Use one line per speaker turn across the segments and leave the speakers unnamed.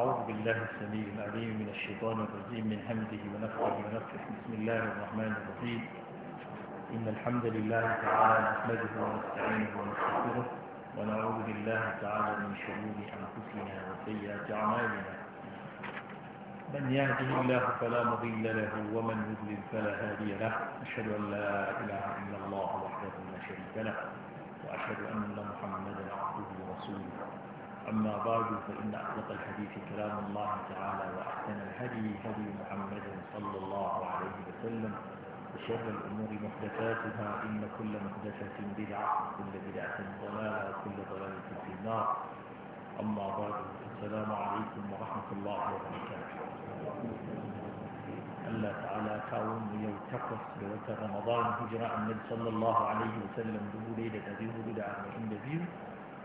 أعوذ بالله السميع العليم من الشيطان الرجيم من همزه ونفخه ونفخه بسم الله الرحمن الرحيم إن الحمد لله تعالى نحمده ونستعينه ونستغفره ونعوذ بالله تعالى من شرور أنفسنا وسيئات أعمالنا من يهده الله فلا مضل له ومن يضلل فلا هادي له أشهد أن لا إله إلا الله وحده لا شريك له وأشهد أن محمدا عبده ورسوله أما بعد فإن أصدق الحديث كلام الله تعالى وأحسن الهدي هدي محمد صلى الله عليه وسلم وشر الأمور محدثاتها إن كل محدثة بدعة وكل بدعة ضلالة وكل ضلالة في النار أما بعد السلام عليكم ورحمة الله وبركاته تعالى Allah ta'ala kawo mu yau takwas da watan Ramadan hijira annabi sallallahu alaihi wasallam 1442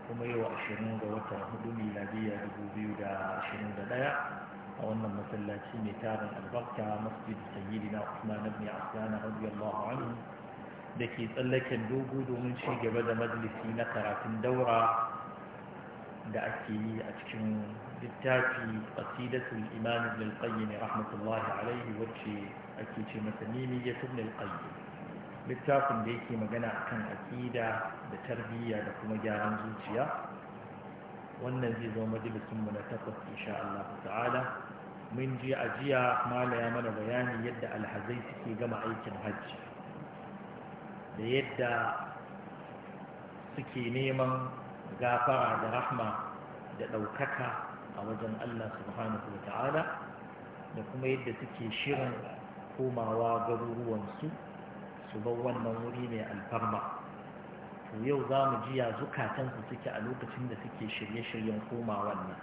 kuma yau ashirin ga watan hudu miladiya dubu biyu da ashirin da ɗaya a wannan masallaci mai tarin albarka masjid sayyidi na usman ibn affan radiyallahu anhu da ke tsallaken dogo domin ci gaba da majalisi na karatun daura da ake yi a cikin littafi qasidatul imam ibn al-qayyim rahmatullahi alayhi wacce ake ce masa nimiyyatul qayyim littafin da yake magana akan aƙida da tarbiyya da kuma gyaran zuciya wannan zai zama majalisunmu na takwas insha Allah ta'ala mun ji a jiya mala ya mana bayani yadda alhazai suke gama
aikin hajji da yadda suke neman gafara da rahma da ɗaukaka a wajen Allah
subhanahu wa ta'ala da kuma yadda suke shirin komawa
garuruwansu su wannan wuri mai alfarma to yau za mu ji ya zukatansu suke a lokacin da suke shirye-shiryen koma wannan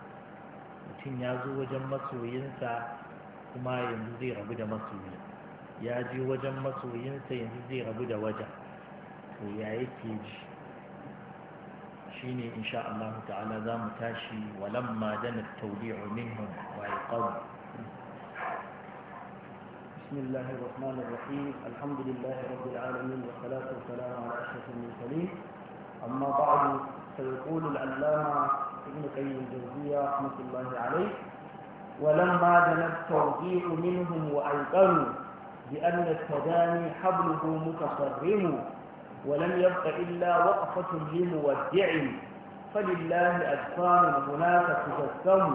mutum ya zo wajen masoyinsa kuma yanzu zai rabu da masoyi ya je
wajen masoyinsa yanzu zai rabu da wajen to ya yake ji shi ne insha Allah ta'ala za mu tashi walamma dana taubi'u minhum wa iqamu
بسم الله الرحمن الرحيم الحمد لله رب العالمين والصلاة والسلام على أشرف المرسلين أما بعد فيقول العلامة ابن قيم الجوزية رحمة الله عليه ولما دنا التوقيع منهم وأيقنوا بأن التداني حبله متصرم ولم يبق إلا وقفة لمودع فلله أجسام هناك تجسم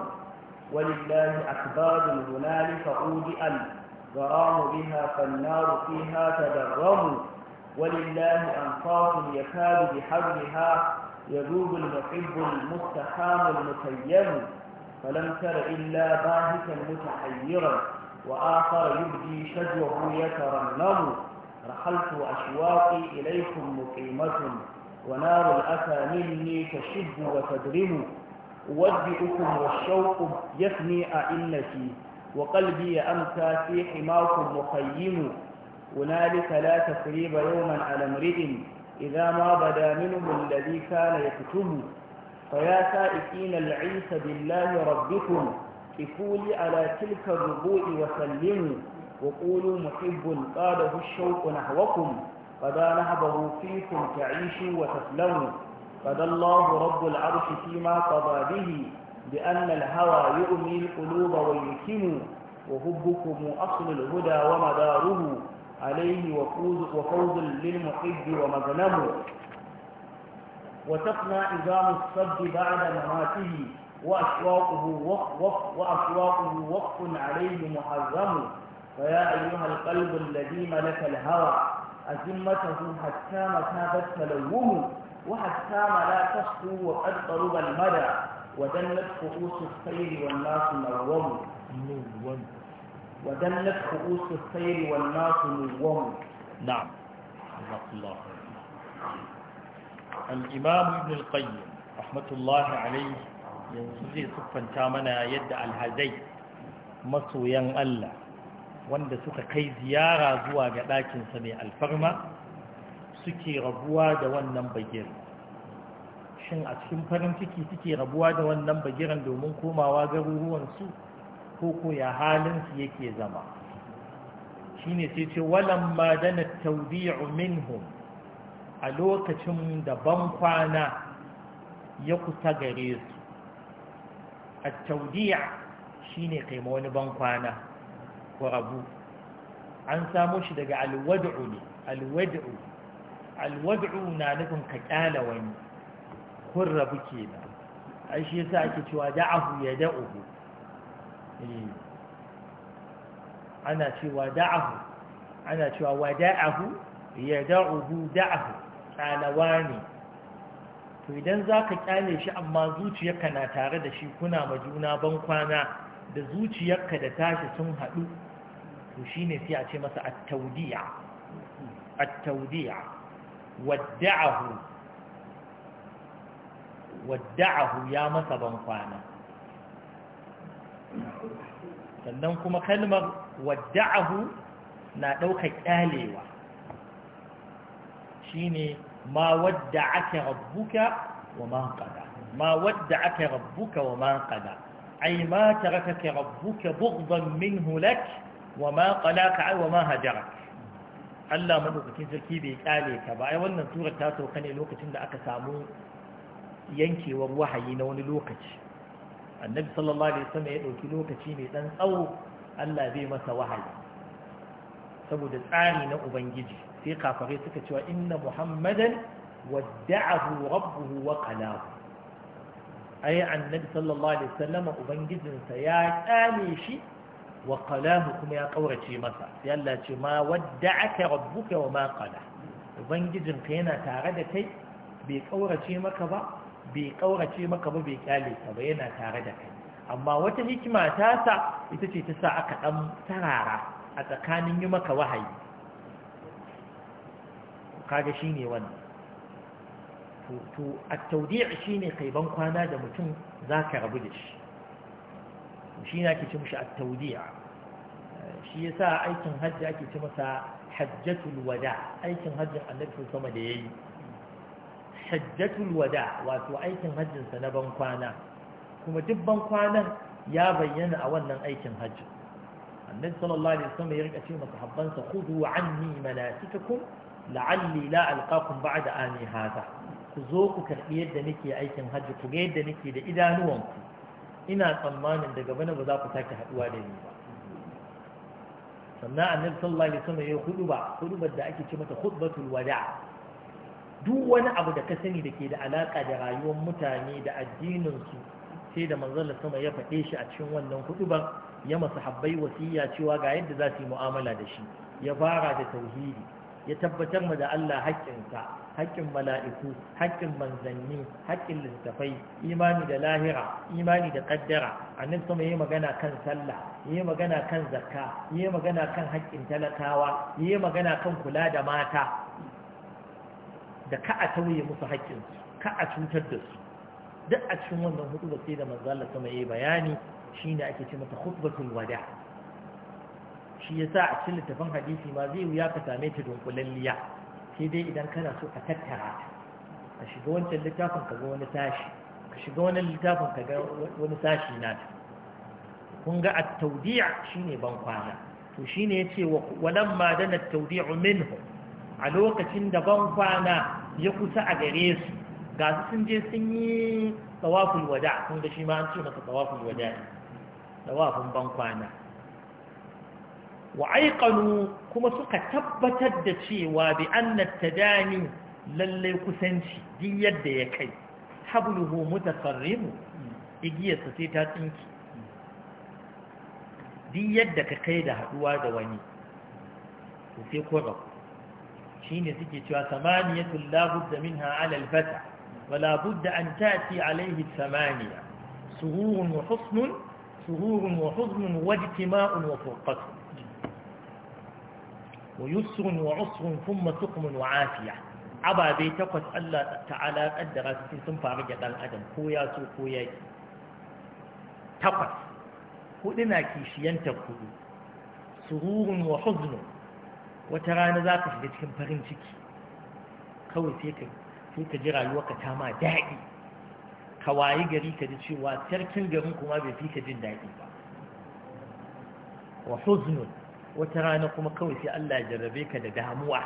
ولله أكباد هنالك أودئا ضراموا بها فالنار فيها تدرموا ولله أنصاف يكاد بحرها يذوب المحب المستحام المخيم فلم تر إلا باهتا متحيرا وآخر يبدي شجوه يترنم رحلت أشواقي إليكم مقيمة ونار الأسى مني تشد وتدرم أودئكم والشوق يفني أئلتي وقلبي أمسى في حماكم مخيم هنالك لا تقريب يوما على امرئ إذا ما بدا منه الذي كان يكتم فيا سائكين العيس بالله ربكم كفولي على تلك الربوع وسلموا وقولوا محب قاده الشوق نحوكم فدا نهبه فيكم تعيشوا وتسلموا فدا الله رب العرش فيما قضى به بأن الهوى يؤمي القلوب ويلكم وهبكم أصل الهدى ومداره عليه وفوز, وفوز للمحب ومغنم وتقنى عظام الصد بعد مماته وأشواقه وقف وأشواقه وقف عليه محرم فيا أيها القلب الذي ملك الهوى أزمته حتى متاب التلوم وحتى ما لا تشكو وقد قرب المدى ودلت كؤوس الخير والناس نوم نوم ودلت كؤوس الخير والناس نوم
نعم الله الله
الإمام
ابن القيم رحمة الله عليه ينصدي صفا تامنا يدعى الهدي masoyan Allah wanda suka kai ziyara zuwa ga ɗakinsa mai alfarma suke rabuwa da wannan bagir shin a cikin farin ciki suke rabuwa da wannan bagiran domin komawa garuruwansu ko ko ya halinsu yake zama shi ne sai ce walan ma dana minhum a lokacin da ban kwana ya kusa gare su a taudi'a shi ne kaima wani ban kwana ko abu an samo shi daga alwad'u ne alwad'u alwad'u na nufin ka kyala wani kun rabu kenan ai shi sa ake cewa da'ahu ya da'uhu eh. ana cewa da'ahu ana cewa wada'ahu ya da'uhu da'ahu tsalawa ne to idan za ka shi amma zuciyarka na tare da shi kuna ma juna ban kwana da zuciyarka da tashi sun haɗu to shi ne sai a ce masa attaudiya attaudiya
wadda'ahu
wadda'ahu ya masa ban kwana sannan kuma kalmar wadda'ahu na ɗaukar ƙyalewa shine ma wadda ake rabbuka wa ma qada ma wadda ake rabbuka wa ma qada ai ma tarakaka rabbuka bughdan minhu lak wa ma qalaka ai wa man hajarak Allah madaukakin sarki bai kyale ka ba ai wannan tura ta sauka ne lokacin da aka samu yankewar wahayi na wani lokaci annabi sallallahu alaihi wasallam ya ɗauki lokaci mai ɗan tsawo Allah bai masa wahayi saboda tsari na ubangiji sai kafare suka cewa inna muhammadan wadda'ahu rabbuhu wa qalahu ai annabi sallallahu alaihi wasallam ubangijinsa ya kame shi wa qalahu kuma ya kaurace masa sai Allah ce ma wadda'aka rabbuka wa ma qala ubangijinka yana tare da kai bai kaurace maka ba bai kaurace maka ba bai kyale ka ba yana tare da kai amma wata hikima ta sa ita ce ta sa aka dan tarara a tsakanin yi maka wahayi kaga shine wannan to to at-tawdi' shine kaiban kwana da mutum zaka rabu da shi shi ake ce mishi at-tawdi' shi yasa aikin hajji ake ce masa hajjatul wada aikin hajjin annabi sama da yayi hajjatul wada wato aikin hajjinsa na bankwana kuma duk bankwanan ya bayyana a wannan aikin hajji annabi sallallahu alaihi wasallam ya rika ce masa habbansa khudu anni manasikakum la'alli la alqakum ba'da ami hada ku zo ku karbi yadda nake aikin hajji ku ga yadda nake da idanuwanku ina tsammanin daga bana ba za ku sake haduwa da ni ba sannan annabi sallallahu alaihi wasallam ya hudu ba da ake ce mata khutbatul wada' duk wani abu da ka sani da ke da alaka da rayuwar mutane da addininsu sai da Manzala sama ya faɗe shi a cikin wannan huduban ya masu habbai wasiya cewa ga yadda za su yi mu'amala da shi ya fara da tauhidi ya tabbatar mu da Allah haƙƙinsa haƙƙin mala'iku haƙƙin manzanni haƙƙin littafai imani da lahira imani da kaddara annabi sama yi magana kan sallah yayi magana kan zakka yayi magana kan haƙƙin talakawa yayi magana kan kula da mata da ka a tauye musu haƙƙinsu ka a cutar da su duk a cikin wannan hutuba sai da manzo Allah sama yayi bayani shine ake ce mata khutbatul wada shi yasa a cikin littafin hadisi ma zai wuya ka same ta dunkulalliya sai dai idan kana so ka tattara ta ka shiga wancan littafin ka ga wani sashi. ka shiga wani littafin ka ga wani sashi na ta kun ga at-tawdi' shine ban kwana to shine yace lamma dana at-tawdi' minhu a lokacin da ban kwana ya kusa a gare su ga su sun je sun yi tsawafin wada kun da shi ma an ce masa tsawafin wada tsawafin ban kwana wa aikanu kuma suka tabbatar da cewa bi annat tadani lallai kusanci duk yadda ya kai habluhu mutasarrimu igiyarsa sai ta tsinki duk yadda ka kai da haduwa da wani sai ko rabu shine suke cewa samaniyatul la budda minha ala al-fata wala budda an ta'ti alayhi samaniya suhurun wa husnun suhurun wa huzmun wa wa furqatun wa yusrun wa usrun thumma tuqmun wa afiya ababe takwas Allah ta'ala kaddara su sun faru ga dan adam ko ya so ko ya ki takwas hudu na kishiyantar hudu suhurun wa husnun. wata rana za ka shiga cikin farin ciki kawai sai ka sai ka ji rayuwarka ta ma daɗi ka wayi gari ka ji cewa sarkin garin kuma bai fi ka jin daɗi ba wa huznun wata rana kuma kawai sai Allah ya jarrabe ka da damuwa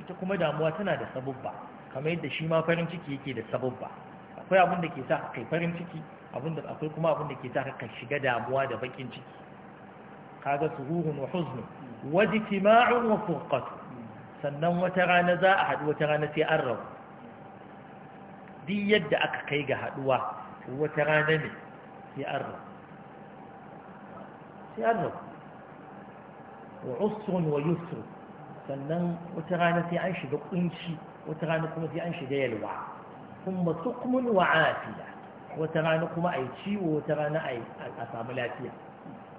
ita kuma damuwa tana da sabubba kamar yadda shi ma farin ciki yake da sabubba akwai abin da ke sa kai farin ciki abin da akwai kuma abin da ke sa ka shiga damuwa da bakin ciki kaga suhuhun wa huznun wajtima'un wa furqatu sannan wata rana za a haɗu wata rana sai an rabu duk yadda aka kai ga haɗuwa wata rana ne sai an rabu sai an rabu wa usrun wa yusru sannan wata rana sai an shiga kunci wata rana kuma sai an shiga yalwa kuma sukmun wa afiya wata rana kuma a yi ciwo wata rana a samu lafiya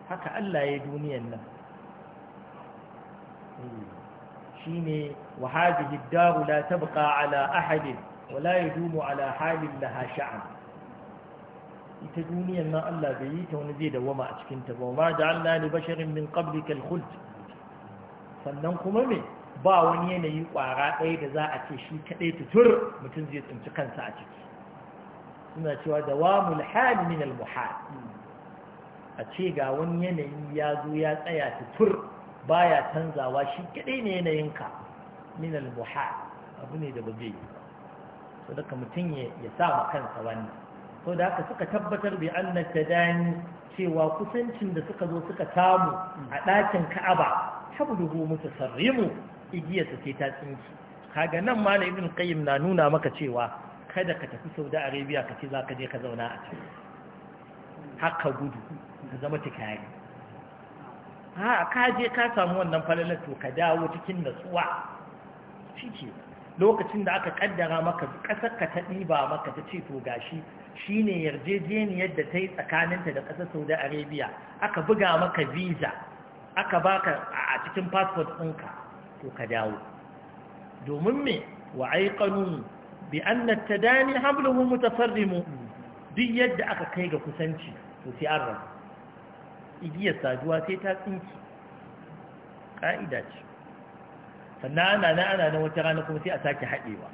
haka Allah ya yi duniyan nan Shi wa hadhihi ad-daru la tabqa ala ahad wa la yadumu ala halin laha sha'an ita duniyar nan Allah bai yi ta wani zai dawama a cikin ta ba ma ja'alna li basharin min qablika al sannan kuma me ba wani yanayi kwara ɗaya da za a ce shi kaɗai tutur mutum zai tsinci kansa a ciki suna cewa dawamul hal min al-muhal a ce ga wani yanayi ya zo ya tsaya tutur baya canzawa shi kadai ne yanayinka min al-buha abu ne da baje da so daga mutum ya sa ma kansa wannan so da haka suka tabbatar bi anna tadani cewa kusancin da suka zo suka samu a ɗakin Ka'aba tabduhu igiya igiyarsa ce ta tsinci kaga nan ma na ibn qayyim na nuna maka cewa kada ka tafi Saudi Arabia ka ce ka je ka zauna a can haka gudu ka zama tikari ha ka je ka samu wannan falalar to ka dawo cikin natsuwa shi ke lokacin da aka kaddara maka ƙasar ka ta ɗiba maka ta ce to gashi shine yarjejeniyar da ta yi tsakaninta da ƙasar saudi arabia aka buga maka visa aka baka a cikin passport ɗinka to ka dawo domin me wa aikanu bi annat tadani habluhu mutafarrimu duk yadda aka kai ga kusanci to sai an rabu igiyar saduwa sai ta tsinki ƙa'ida ce sannan ana na ana na wata rana kuma sai a sake haɗewa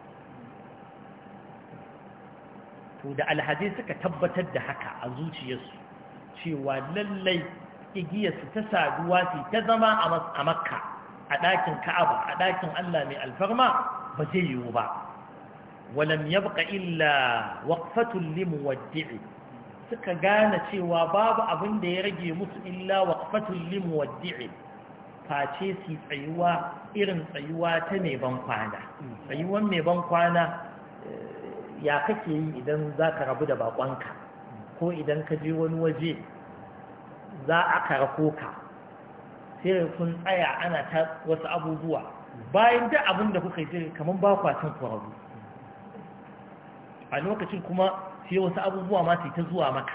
to da alhazai suka tabbatar da haka a zuciyarsu cewa lallai igiyarsu ta saduwa sai ta zama a makka a ɗakin ka'aba a ɗakin allah mai alfarma ba zai yiwu ba walam yabqa illa waqfatun limuwaddi'i suka gane cewa babu abin da ya rage musu illa waqfatul limwaddi'i face su tsayuwa irin tsayuwa ta mai ban kwana tsayuwan mai ban kwana eh, ya kake yi idan za ka rabu da bakonka ko idan ka je wani waje za a karako ka sai kun tsaya ana ta wasu abubuwa bayan duk abin da kuka yi kamar ba kwatin cin a lokacin kuma sai wasu abubuwa ma sai ta zuwa maka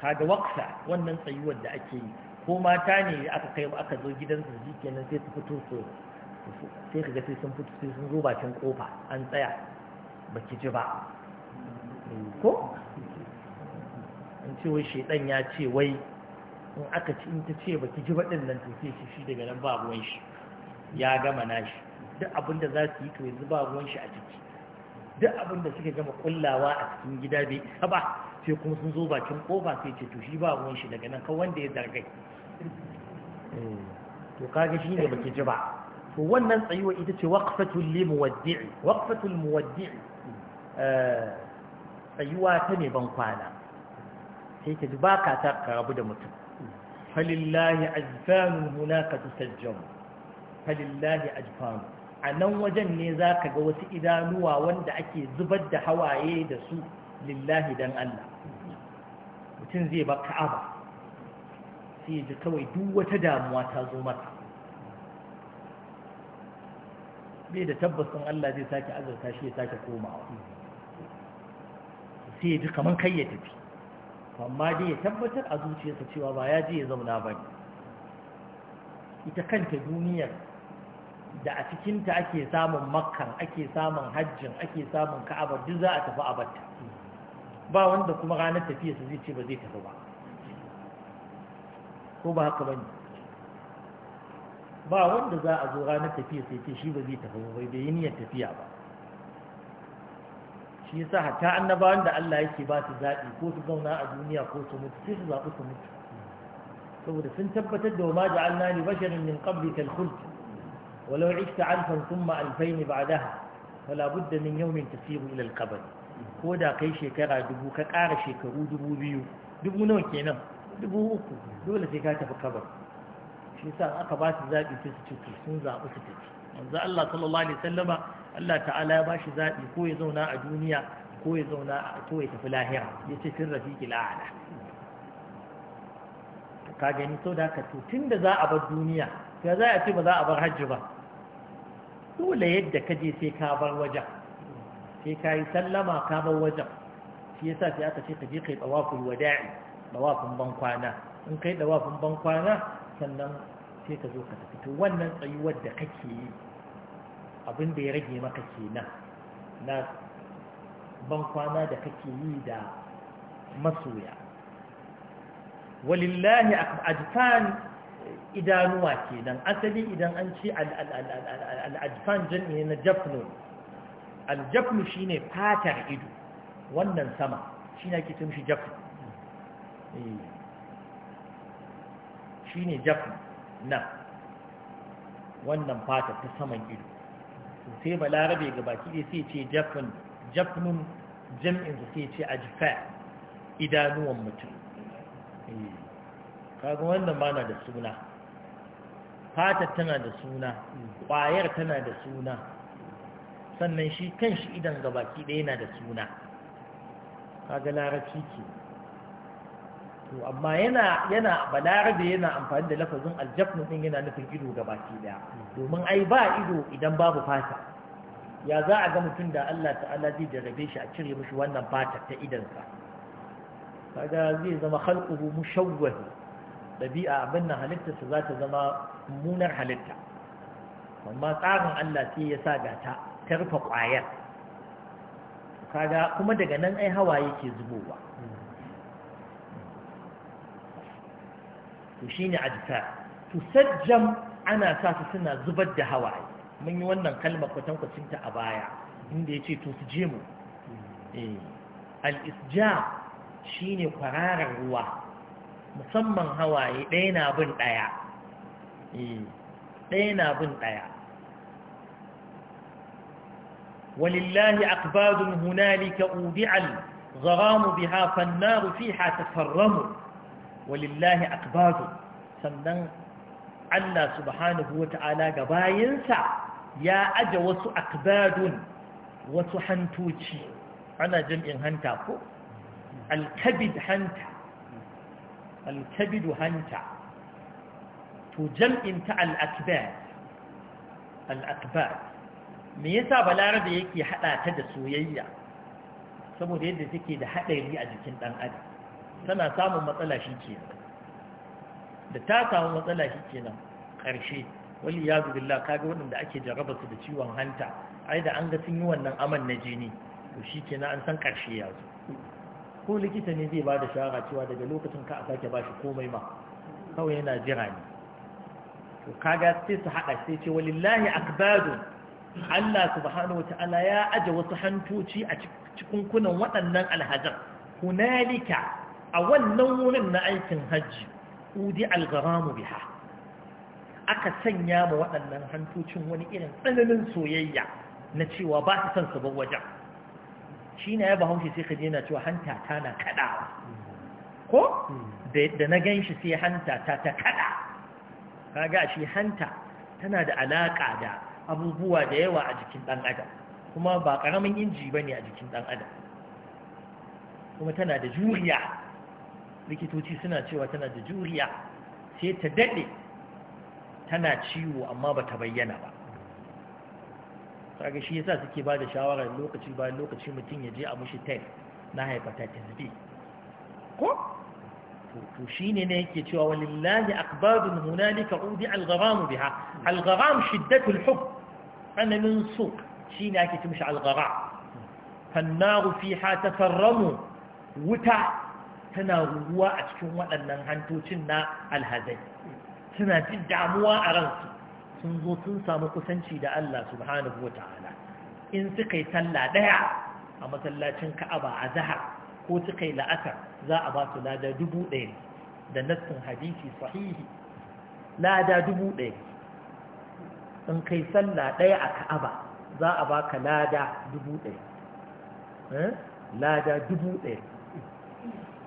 kaga waqfa wannan tsayuwar da ake yi ko mata ne aka kai aka zo gidansu su kenan sai su fito su sai kaga sai sun fito sai sun zo bakin kofa an tsaya baki ji ba ko An ce wai shedan ya ce wai in aka ci in ta ce baki ji ba din nan to sai shi shi daga nan ba ruwan shi ya gama nashi duk abin da za su yi to yanzu ba ruwan shi a ciki duk abin da suka gama kullawa a cikin gida bai isa ba sai kuma sun zo bakin kofa sai ce to shi ba ruwan shi daga nan kan wanda ya zargai eh, to kaga shi ne baki ji ba to wannan tsayuwa ita ce waqfatul li muwaddi'i waqfatul muwaddi'i eh, tsayuwa ta ne ban kwana sai ka ji ba ka ta karabu da mutum falillahi ajfanu hunaka tusajjamu falillahi ajfanu a nan wajen ne za ka ga wasu idanuwa wanda ake zubar da hawaye da su lillahi dan Allah mutum zai ba ka'aba sai ji kawai duk wata damuwa ta zo mata bai da tabbasin Allah zai sake azurta shi ya sake komawa sai ji kamar kai ya tafi amma dai ya tabbatar a zuciyarsa cewa ba ya je ya zauna ba ita kanta duniyar da a cikinta ake samun makkan ake samun hajjin ake samun ka'aba duk za a tafi a batta ba wanda kuma ranar tafiya su zai ce ba zai tafi ba ko ba haka bane ba wanda za a zo ranar tafiya sai ce shi ba zai tafi ba bai yi niyyar tafiya ba shi yasa hatta annabawan da Allah yake ba su zaɓi ko su zauna a duniya ko su mutu sai su zaɓi su mutu saboda sun tabbatar da wa ma ja'alna li basharin min qablika al-khuld ولو عشت ألفا ثم ألفين بعدها فلا بد من يوم تسير إلى القبر ko da kai shekara dubu ka ƙara shekaru dubu biyu dubu nawa kenan dubu uku dole sai ka tafi kabar shi sa aka ba su zaɓi sai su ciki sun zaɓi su tafi manzo Allah sallallahu alaihi wasallama Allah ta'ala ya bashi zaɓi ko ya zauna a duniya ko ya zauna tafi lahira ya ce ka gani sau da haka to da za a bar duniya ya za a ce ba za a bar hajji ba dole yadda ka je sai ka bar wajen sai ka yi sallama ka bar wajen shi yasa sai aka ce ka je kai tawaful wada'i tawafin bankwana in kai tawafin bankwana sannan sai ka zo ka tafi to wannan tsayuwar da kake yi abin da ya rage maka kenan na bankwana da kake yi da masoya walillahi ajfan idanuwa ke nan asali idan an ce al'adfan jami'i na jafnu aljafnu shi ne fatar ido wannan sama shi na kitin shi jafnu eh. shi ne jafnu na wannan fatar ta saman ido sai balarabe ga baki ɗaya sai ce jafnu jafnun jami'in sai ce ajifa idanuwan mutum eh. kaga wannan ba na da suna fatar tana da suna ƙwayar tana da suna sannan shi kan shi idan gabaki ɗaya yana da suna kaga larabci ke to amma yana yana balarabe yana amfani da lafazin aljafnu din yana nufin ido gabaki ɗaya domin ai ba ido idan babu fata ya za a ga mutum da Allah ta'ala zai jarabe shi a cire mishi wannan fatar ta idansa kaga zai zama khalquhu mushawwah ɗabi'a abin nan halittarsa za ta zama munar halitta amma tsarin Allah sai ya sa gata ta rufe ƙwayar kaga kuma daga nan ai hawa ke zubowa to shine ajsa tusajjam ana sa su suna zubar da hawaye mun yi wannan kalmar kwatankwacinta a baya inda yace tusjimu eh al isja shine kwararar ruwa musamman hawaye ɗaya na bin ɗaya eh. ɗaya na bin ɗaya walillahi akbadun hunalika ubi'al zaramu biha fannaru fiha tafarramu walillahi akbadun sannan Allah subhanahu wa ga bayansa ya aje wasu akbadun wasu hantoci ana jam'in hanta ko alkabid hanta alkabidu hanta to jam'in ta al'akbar al'akbar me yasa balarabe yake haɗa ta da soyayya saboda yadda take da haɗari a jikin dan adam tana samun matsala shi da ta samu matsala shi kenan karshe wali ya billah kaga waɗanda ake jaraba da ciwon hanta ai da an ga sun yi wannan aman na jini to shi kenan an san ƙarshe ya zo ko likita ne zai ba da shawara cewa daga lokacin ka a sake ba shi komai ma kawai yana jira ne to kaga sai su haɗa sai ce walillahi akbadu Allah subhanahu ya aje wasu hantoci a cikin kunan waɗannan alhajar hunalika a wannan wurin na aikin hajji udi algaramu biha aka sanya wa waɗannan hantocin wani irin tsananin soyayya na cewa ba su san su bar wajen shi na ya bahaushe sai ka jena cewa hanta ta na kaɗawa ko da na gan shi sai hanta ta ta kaɗa kaga shi hanta tana da alaƙa da abubuwa da yawa a jikin ɗan adam kuma ba karamin inji ba ne a jikin ɗan adam kuma tana da juriya likitoci suna cewa tana da juriya sai ta daɗe tana ciwo amma ba ta bayyana ba kaga shi yasa suke ba da shawara lokaci bayan lokaci mutum ya je a mushi test na hepatitis B ko to shine ne yake cewa walillahi aqbadun hunalika udi al biha al-gharam shiddatu al-hub tsananin su shine ake ce mishi al-gharam fannaru fiha tafarramu wuta tana ruwa a cikin waɗannan hantocin na alhazai suna ji damuwa a ransu sun zo sun samu kusanci da Allah subhanahu wa ta'ala in suka yi sallah ɗaya a masallacin ka'aba a zahar ko suka yi la'asar za a ba su lada dubu ɗaya da nassun hadisi sahihi lada dubu ɗaya in kai sallah ɗaya a ka'aba za a ba ka lada dubu ɗaya eh? lada dubu ɗaya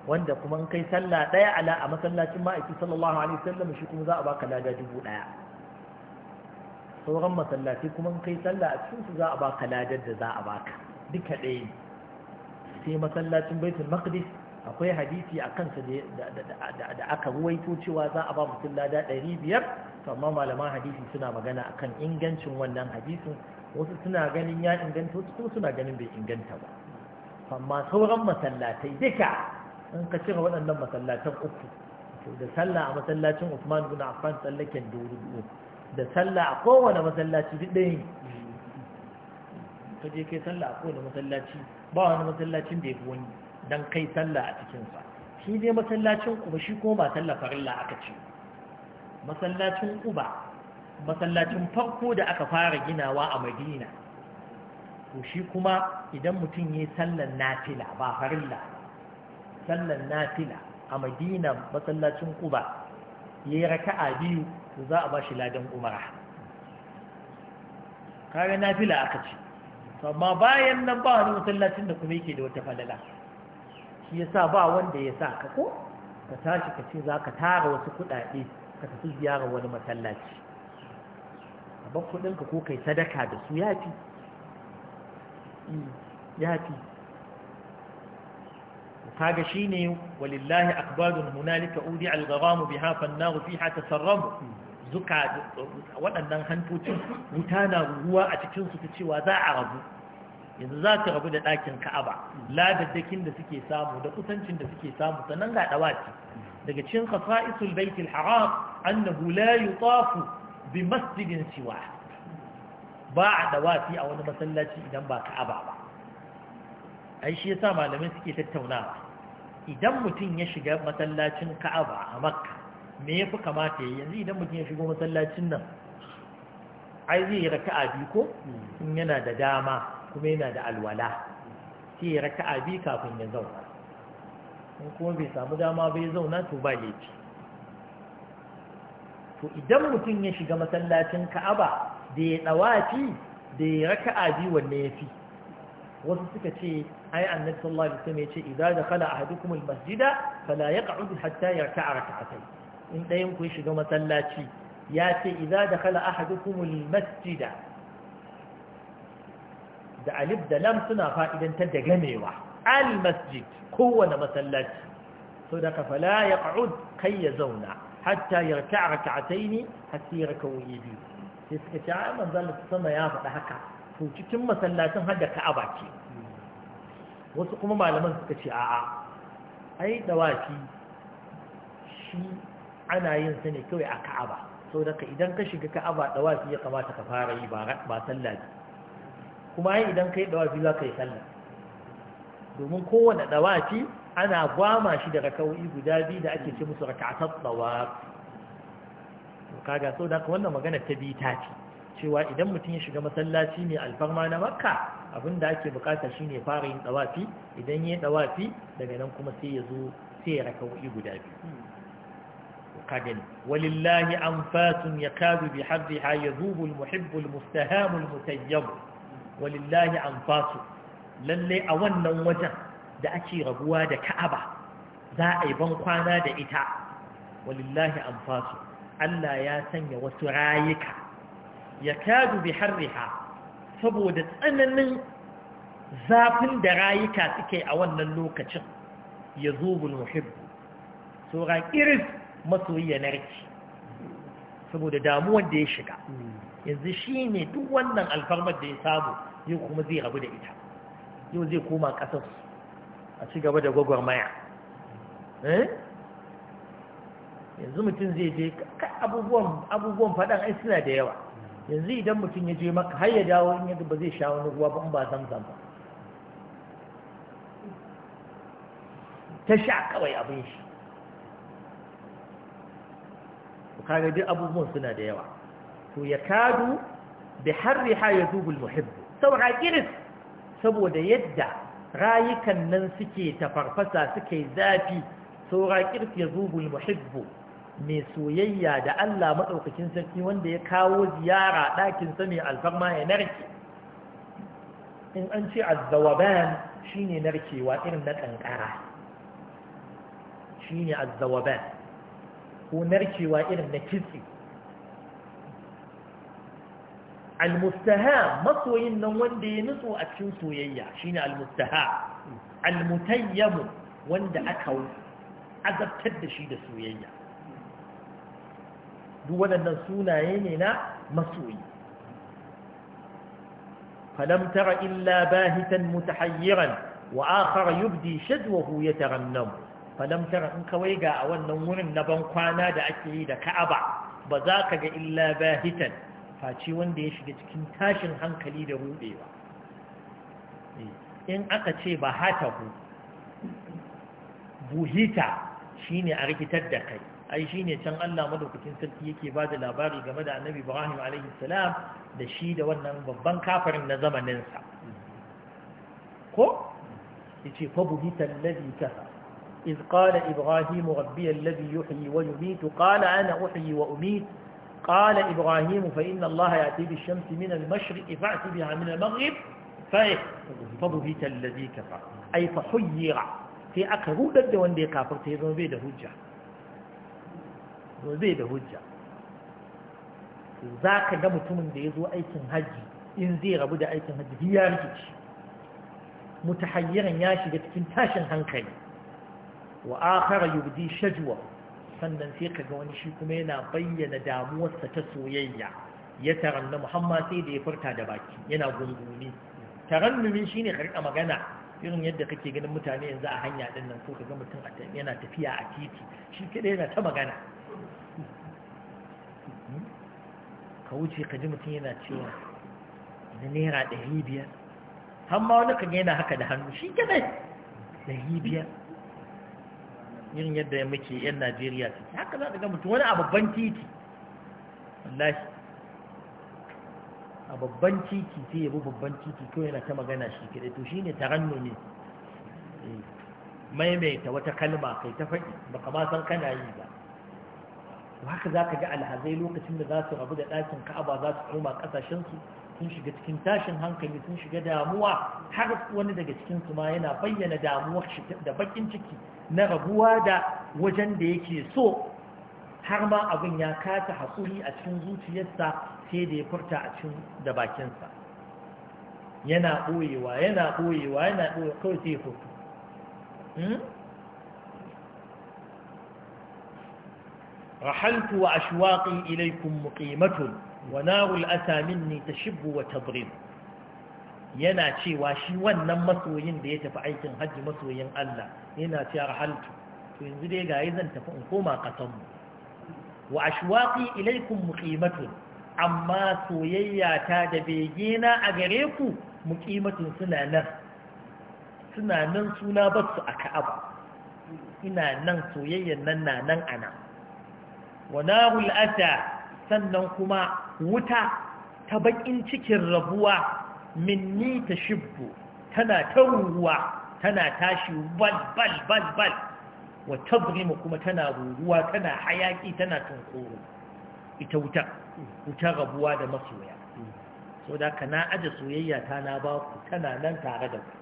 wanda kuma in kai sallah ɗaya ala a masallacin ma'aiki sallallahu alaihi wasallam shi kuma za a ba ka lada dubu ɗaya sauran masallaci kuma in kai sallah a cikinsu za a baka ladar da za a baka duka ɗaya ne sai masallacin baitul maqdis akwai hadisi a kansa da aka ruwaito cewa za a ba mutum lada ɗari biyar to amma malaman hadisi suna magana akan ingancin wannan hadisin wasu suna ganin ya inganta wasu kuma suna ganin bai inganta ba amma sauran masallatai duka in ka cire waɗannan masallatan uku da sallah a masallacin Usman bin Affan tsallaken durudu da sallah a kowane masallaci duk ka je kai sallah a kowane masallaci ba wani masallacin da ya fi wani don kai sallah a cikinsa shi ne masallacin kuma shi kuma ba sallah farilla aka ce masallacin uba masallacin farko da aka fara ginawa a madina to shi kuma idan mutum ya yi sallan nafila ba farilla sallan nafila a madina masallacin kuba ya yi raka'a biyu to za a ba shi ladan umara kare na fila aka ce amma bayan nan ba wani masallacin da kuma yake da wata falala shi ya sa ba wanda ya sa ka ko ka tashi ka ce za ka tara wasu kuɗaɗe ka tafi ziyarar wani masallaci a ban kuɗinka ko kai sadaka da su ya fi hmm, kaga shine walillahi akbarun hunalika udi al-gharam biha fan fiha tasarrabu zuka waɗannan hantocin wuta na ruwa a cikinsu ta cewa za a rabu yanzu za ta rabu da ɗakin ka'aba ladaddakin da suke samu da kusancin da suke samu sannan ga ɗawaci daga cikin khasa'isul baitul haram annahu la yutafu bi masjidin siwa ba a ɗawaci a wani masallaci idan ba ka'aba ba ai shi yasa malamai suke tattaunawa idan mutum ya shiga masallacin ka'aba a makka me ya fi kamata ya yanzu idan mutum ya shigo masallacin nan ai zai yi raka'a biyu ko in yana da dama kuma yana da alwala sai ya raka'a biyu kafin ya zauna in kuma bai samu dama ba ya zauna to ba laifi to idan mutum ya shiga masallacin ka'aba da ya dawafi da ya raka'a biyu wanne ya fi wasu suka ce ai annabi sallallahu alaihi wasallam ya ce idza dakhala ahadukum almasjida fala yaq'ud hatta yarka'a raka'atayn in ɗayan ku shiga masallaci ya ce a dakhala ahadukumul masjida da alif da lam suna fa'idantar da gamewa al masjid kowane masallaci so da kafala ya ƙa'ud kai ya zauna hatta ya raka a raka'atai ne hatta ya wuyi biyu sai suka ce a manzan da sama ya faɗa haka to cikin masallacin har da ka'aba ce wasu kuma malaman suka ce a'a ai dawaki shi ana yin sa ne kawai a ka'aba sau da idan ka shiga ka'aba wafi ya kamata ka fara yi ba sallah ne kuma yi idan ka yi wafi za ka yi sallah domin kowane wafi ana gwama shi da raka'o'i guda biyu da ake ce musu raka'atar dawafi kaga sau da wannan magana ta biyu ta ce cewa idan mutum ya shiga masallaci ne alfarma na makka abin da ake bukata shine fara yin dawafi idan ya yi dawafi daga nan kuma sai ya zo sai ya raka guda biyu القدم ولله أنفاس يكاد بحرها يذوب المحب المستهام المتيب ولله أنفاس للي أولا وجه da ake rabuwa da ka'aba za a yi ban kwana da ita walillahi anfasu Allah ya sanya wasu rayuka ya kadu bi harriha saboda tsananin zafin da rayuka suke a wannan lokacin ya zubul muhibbu sauran iris masoyi ya narki saboda damuwan da ya shiga yanzu shi ne duk wannan alfarmar da ya samu yau kuma zai rabu da ita yau zai koma ƙasarsu a ci gaba da gwagwarmaya eh? yanzu mutum zai je abubuwan faɗan ai suna da yawa yanzu idan mutum ya je maka har ya dawo in yadda ba zai sha wani ruwa ba in ba zan ba ta sha kawai abin shi kaga duk abubuwan suna da yawa to ya kadu bi harriha yadubul muhibb saboda kiris saboda yadda rayukan nan suke tafarfasa suke zafi saura kiris yazubu Muhibbu mai soyayya da Allah madaukakin sarki wanda ya kawo ziyara ɗakin sa mai alfarma ya narke in an ce azzawaban shine narkewa irin na kankara shine azzawaban ko narkewa irin na kitse almustaha masoyin nan wanda ya nutso a cikin soyayya shine almustaha almutayyamu wanda aka azabtar da shi da soyayya duk waɗannan sunaye ne na masoyi falam tara illa bahitan mutahayyiran wa akhara yubdi shadwahu yatarannamu falam tara in kawai ga a wannan wurin na ban kwana da ake yi da ka'aba ba za ka ga illa bahitan faci wanda ya shiga cikin tashin hankali da ruɗewa. Eh, in aka ce ba ku. buhita shine a rikitar da kai ai shine can Allah madaukakin sarki yake ba da labari game da Annabi Ibrahim alaihi salam da shi da wannan babban kafirin na zamanin sa ko yace fa buhita alladhi kafa إذ قال إبراهيم ربي الذي يحيي ويميت قال أنا أحيي وأميت قال إبراهيم فإن الله يأتي بالشمس من المشرق فأت بها من المغرب فضهت الذي كفر أي فحير في أكره لد وندي كافر تيزون بيد هجة بيد هجة ذاك قمت من ديزو أي هجي إن زيغ بدأ أي هجي هي رجيش متحيرا ياشي قد كنتاشا هنكلي wa akhara yubdi shajwa sannan sai kaga wani shi kuma yana bayyana damuwarsa ta soyayya ya taranna muhammad sai da ya furta da baki yana gungumi tarannumin shine karka magana irin yadda kake ganin mutane yanzu a hanya din nan ko kaga mutum yana tafiya a titi shi kada yana ta magana ka wuce ka ji mutum yana cewa na naira ɗari biyar har ma wani kaga yana haka da hannu shi kada ɗari biyar Yin yadda muke yan Najeriya suke haka za ka ga mutum wani a babban titi wallahi a babban titi sai ya bi babban titi ko yana ta magana shi kadai to shine tarannu ne eh, maimaita wata kalma kai ta faɗi baka ma san kana yi ba haka za ka ga alhazai lokacin da za su rabu da ɗakin ka'aba za su koma ƙasashensu sun shiga cikin tashin hankali sun shiga damuwa har wani daga cikin su ma yana bayyana damuwar shi da bakin ciki na rabuwa da wajen da yake so har ma abin ya kata haƙuri a cikin zuciyarsa sai da ya furta a cikin da bakinsa yana ɓoyewa yana ɓoyewa yana boye kawai sai ya furta hmm? rahaltu wa ashwaqi ilaykum muqimatun wa narul ata ta tashibbu wa tabrib yana cewa shi wannan masoyin da ya tafi aikin hajji masoyin Allah yana cewa haltu to yanzu dai gayi zan tafi in koma kasan mu wa ashwaqi ilaikum muqimatun amma soyayya ta da bege na a gare ku muqimatun suna nan suna nan suna su a Ka'aba ina nan soyayyan nan na nan ana wa narul asa sannan kuma wuta ta bakin cikin rabuwa minni ta shibbu tana ta ruruwa tana tashi bal bal bal bal wa kuma tana ruruwa tana hayaki tana tunkoro ita wuta wuta rabuwa da masoya so da ka na aje soyayya ta na baku tana nan tare da ku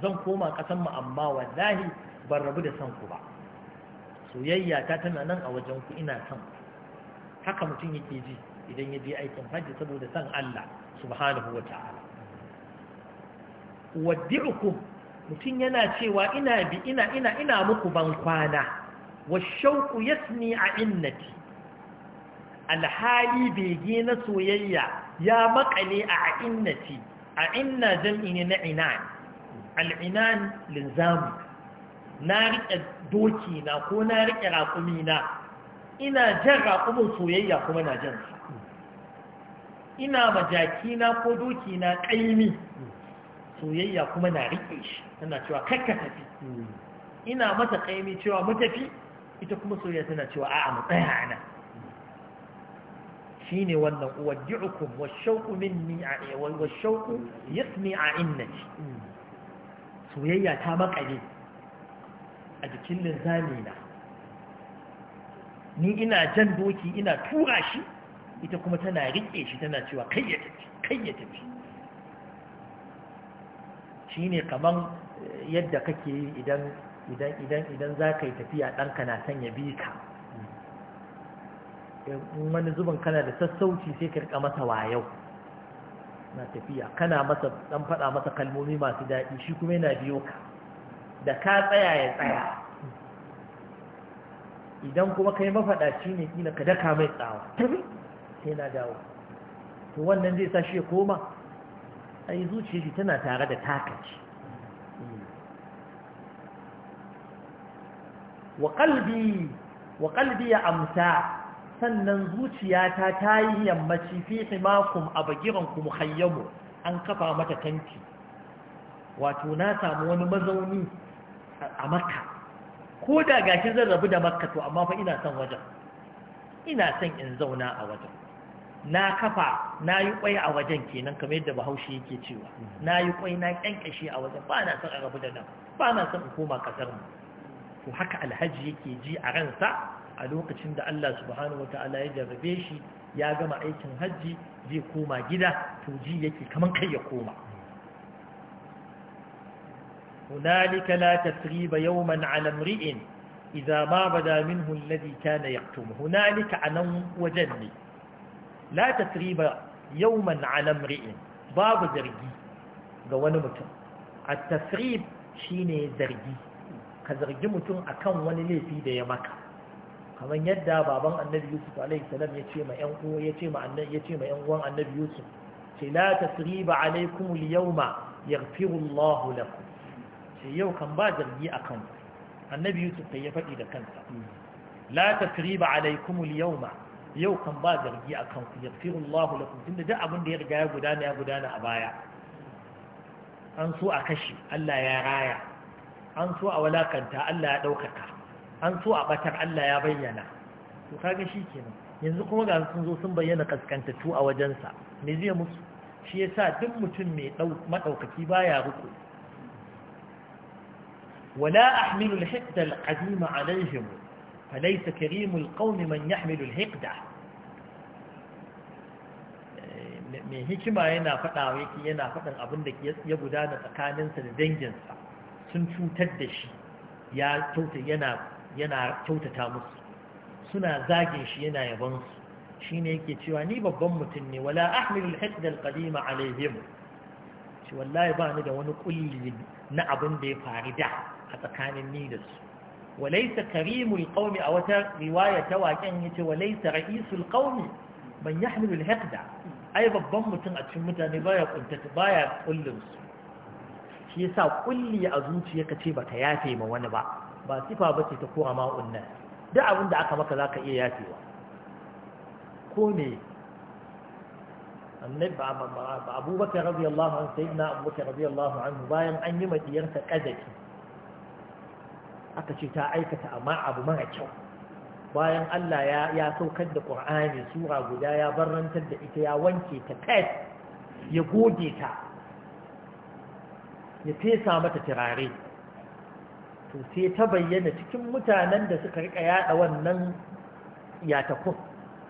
zan koma kasan mu amma wallahi ban rabu da san ku ba soyayya ta tana nan a wajen ku ina son. haka mutum yake ji idan ya je aikin hajji saboda san Allah subhanahu wa ta'ala waddi'ukum mutum yana cewa ina bi ina ina ina muku ban kwana washauku yasni a innati alhali bege na soyayya ya makale a innati a inna jam'i ne na inan al'inan linzamu na riƙe doki na ko na riƙe raƙumi na ina jan raƙumin soyayya kuma na jan ina ma jakina ko dokina ƙaimi soyayya kuma na riƙe shi tana cewa kakka tafi mm. ina mata ƙaimi cewa mu tafi ita kuma soyayya tana cewa a'a mu tsaya ana shine wannan uwaddi'ukum washauqu minni washauqu yasmi a innati mm. soyayya ta makale a jikin linzami na ni ina jan doki ina tura shi ita kuma tana riƙe shi tana cewa kai ya tafi kai ya tafi shi ne kaman eh, yadda kake yi idan idan idan idan za ka yi tafiya ɗanka na san ya bi ka wani zubin kana da sassauci sai ka rika masa wayau na tafiya kana masa dan faɗa masa kalmomi masu daɗi shi kuma yana biyo ka da ka tsaya ya tsaya idan kuma kai shi ne kila ka daka mai tsawa sai na dawo to wannan zai sa shi koma ai zuciya shi tana tare da takaci wa qalbi wa qalbi ya amsa sannan zuciyata ta yi yammaci fi himakum a bagiranku muhayyamu an kafa mata tanki wato na samu wani mazauni a makka ko da gashi zan rabu da makka to amma fa ina son wajen ina son in zauna a wajen na kafa na yi kwai a wajen kenan kamar yadda bahaushe yake cewa na yi kwai na kyankashi a wajen ba na son a rabu da nan ba na son in koma kasar mu to haka alhaji yake ji a ransa a lokacin da Allah subhanahu wataala ya jarrabe shi ya gama aikin hajji zai koma gida to ji yake kaman kai ya koma هنالك لا تثريب يوما على امرئ إذا ما بدا منه الذي كان يقتم anan wajen ne. la tasriba yawman ala mri'in babu zargi ga wani mutum a tasrib shi ne zargi ka zargi mutum a kan wani laifi da ya maka kamar yadda baban annabi yusuf alaihi salam ya ce ma yan uwa ya ce ma annabi ya ce ma yan uwan annabi yusuf ce la tasriba alaikum al-yawma yaghfiru Allah lakum ce yau kan ba zargi akan annabi yusuf sai ya faɗi da kansa mm. la tasriba alaikum al yau kan ba zargi a kan ku yaghfiru Allahu lakum tunda duk abin da ya riga ya gudana ya gudana a baya an so a kashi Allah ya raya an so a walakanta Allah ya ɗaukaka an so a batar Allah ya bayyana to kaga kenan yanzu kuma ga sun zo sun bayyana kaskantattu a wajensa me zai musu shi yasa duk mutum mai madaukaki baya ruku wala ahmilu al-hidda al alaihim فليس كريم القوم من يحمل الهقدة mai hikima yana faɗa yake yana faɗin abin da ya gudana tsakaninsa da danginsa sun cutar da shi ya yana kyautata musu suna zagin shi yana yabon su shine yake cewa ni babban mutum ne wala ahmilul hajjal qadima alaihim shi wallahi ba ni da wani kulli na abun da ya faru da a tsakanin ni da su walaisa karimul qawmi a wata riwaya ta waƙen yace walaisa ra'isul qawmi man yahmilul haqda ai babban mutum a cikin mutane baya kuntata baya kullun su shi yasa kulli a zuciya ka ce baka yafe ma wani ba ba sifa bace ta ko amma unna duk abin da aka maka zaka iya yafewa ko ne annabi ba abubakar radiyallahu anhu sayyidina abubakar radiyallahu anhu bayan an yi ma madiyarsa kadaki aka ce ta aikata amma abu mara kyau bayan Allah ya saukar da ƙur'ani sura guda ya barrantar da ita ya wanke ta kai ya goge ta ya fesa mata turare to sai ta bayyana cikin mutanen da suka rika yada wannan yatakun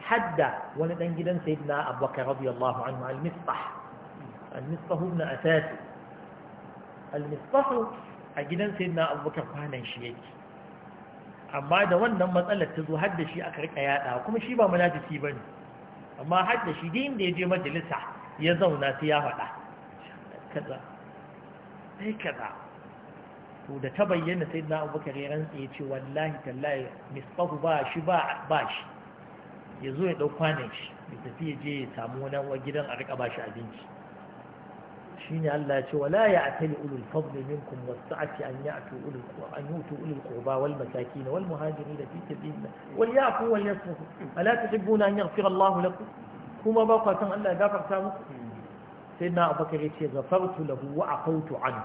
hadda wani dan gidan sayyidina abubakar radiyallahu anhu al-misbah al-misbah ibn al-misbah a gidan sai sayyidina abubakar kwanan shi yake amma da wannan matsalar ta zo har da shi aka rika yada kuma shi ba munafiki bane amma har da shi din da ya je majalisa ya zauna sai ya faɗa kaza sai kaza to da ta bayyana sai sayyidina abubakar ya rantsa ya ce wallahi tallahi misfahu ba shi ba ba shi ya zo ya dau kwanan shi ya tafi ya je ya samu wani gidan a rika ba shi abinci shine Allah ya ce wala ya'tali ulul fadli minkum wasa'ati an ya'tu ulul an yutu ulul qurba wal masakin wal muhajirin fi sabilillah wal ya'fu wal yasfu ala tuhibbuna an yaghfira Allah lakum kuma ba ku san Allah ya gafarta muku sai na Abubakar ya ce ghafartu lahu wa aqawtu anhu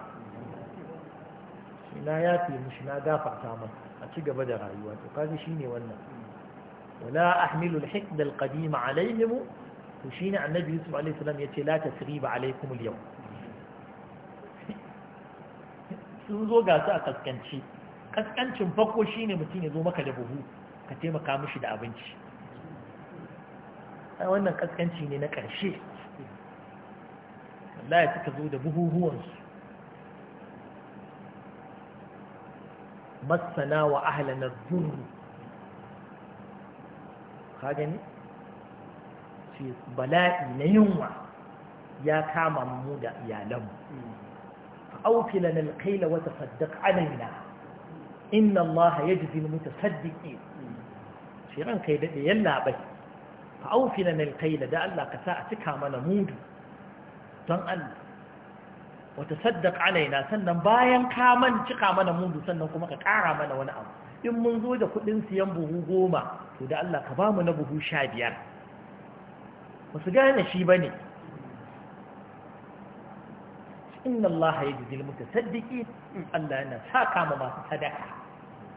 na yafe mishi na gafarta masa a ci gaba da rayuwa to kaji shine wannan ولا أحمل الحقد القديم عليهم وشين annabi yusuf يوسف عليه السلام يتي لا تسريب عليكم اليوم sun zo ga su a kaskanci kaskancin farko shine mutum ya zo maka da buhu ka taimaka mishi da abinci wannan kaskanci ne na ƙarshe wallahi suka zo da buhuhuwansu masana wa ahlana zurru ka gani bala'i na yunwa ya kama mu da iyalanmu auki lana alkaila wa tasaddaq alaina inna Allah yajzi almutasaddiqin shi ran kai dade yalla bai fa auki lana alkaila da Allah ka sa a cika mana mudu don Allah wa tasaddaq alaina sannan bayan ka man cika mana mudu sannan kuma ka ƙara mana wani abu in mun zo da kuɗin siyan buhu goma to da Allah ka bamu na buhu sha biyar ba su gane shi ba ne. inna Allah ya jizil saddiki Allah yana saka ma masu sadaka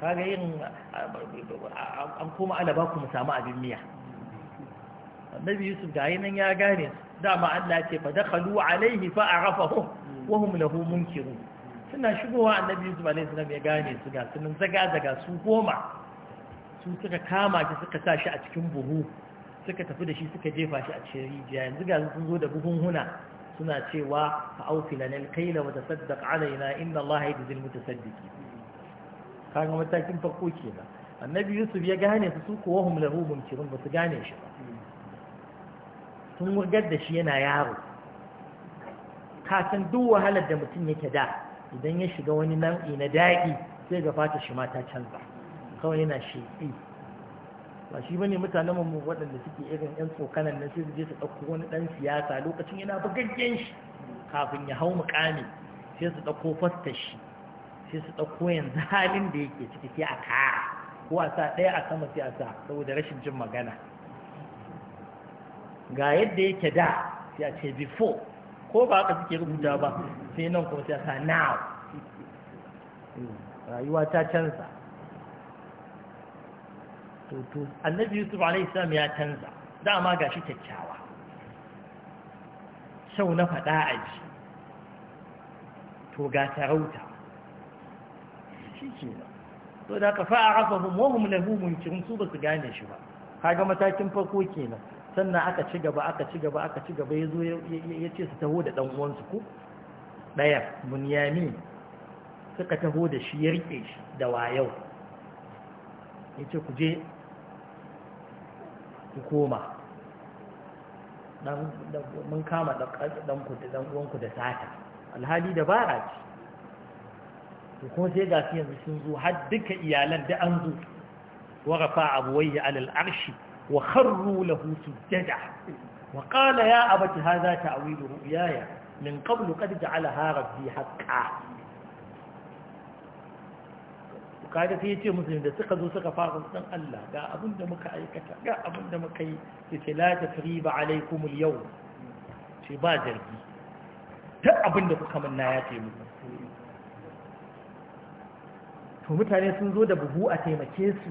kaga yin an koma alaba ku mu samu abin miya annabi Yusuf ga nan ya gane dama Allah ce fa dakhalu alaihi fa arafahu wa hum lahu munkirun suna shigowa annabi Yusuf alaihi salam ya gane su ga sunan zaga zaga su goma su suka kama shi suka sa shi a cikin buhu suka tafi da shi suka jefa shi a cikin rijiya yanzu ga sun zo da buhunhuna suna cewa fa aufi kai la wa tasaddaq alaina inna Allah yajzil mutasaddiqin kaga matakin farko kenan annabi Yusuf ya gane su su kuwa hum lahu mumtirun ba su gane shi ba. sun wurgar da shi yana yaro ka san duk wahalar da mutum yake da idan ya shiga wani nau'i na daɗi sai ga fata shi mata canza kawai yana shi ba shi bane mutanen mu waɗanda suke irin yan tsokanan nan sai su je su ɗauko wani ɗan siyasa lokacin yana bugaggen shi kafin ya hau mukami sai su ɗauko fastar shi sai su ɗauko yanzu halin da yake ciki sai a kara ko a sa ɗaya a sama sai a sa saboda rashin jin magana ga yadda yake da sai a ce before ko ba haka suke rubuta ba sai nan kuma sai a sa now rayuwa ta canza to annabi yusuf salam ya canza dama ga shi kyakkyawa kyau na faɗa a ji to ga sarauta shi ke nan to da ka fa'a rafa na lahu munkirin su ba su gane shi ba kaga matakin farko kenan sannan aka ci gaba aka ci gaba aka ci gaba ya zo ya ce su taho da ɗan uwansu ko ɗaya bunyami suka taho da shi ya riƙe shi da wayau ya ce ku je ku koma mun kama ɗan uwanku da sata alhali da bara ce kuma sai ga su yanzu sun zo har duka iyalan da an zo warafa abuwayya alal arshi wa kharru lahu sujjada wa qala ya abati hadha ta'wilu ru'yaya min qablu qad ja'alaha rabbi haqqan kaga sai ya ce musulmi da suka zo suka fara san Allah ga abin da muka aikata ga abin da muka yi ya ce la ta firi ba alaikumul yau ce ba jirgi, ta abin da kuka manna ya ce muku to mutane sun zo da buhu a taimake su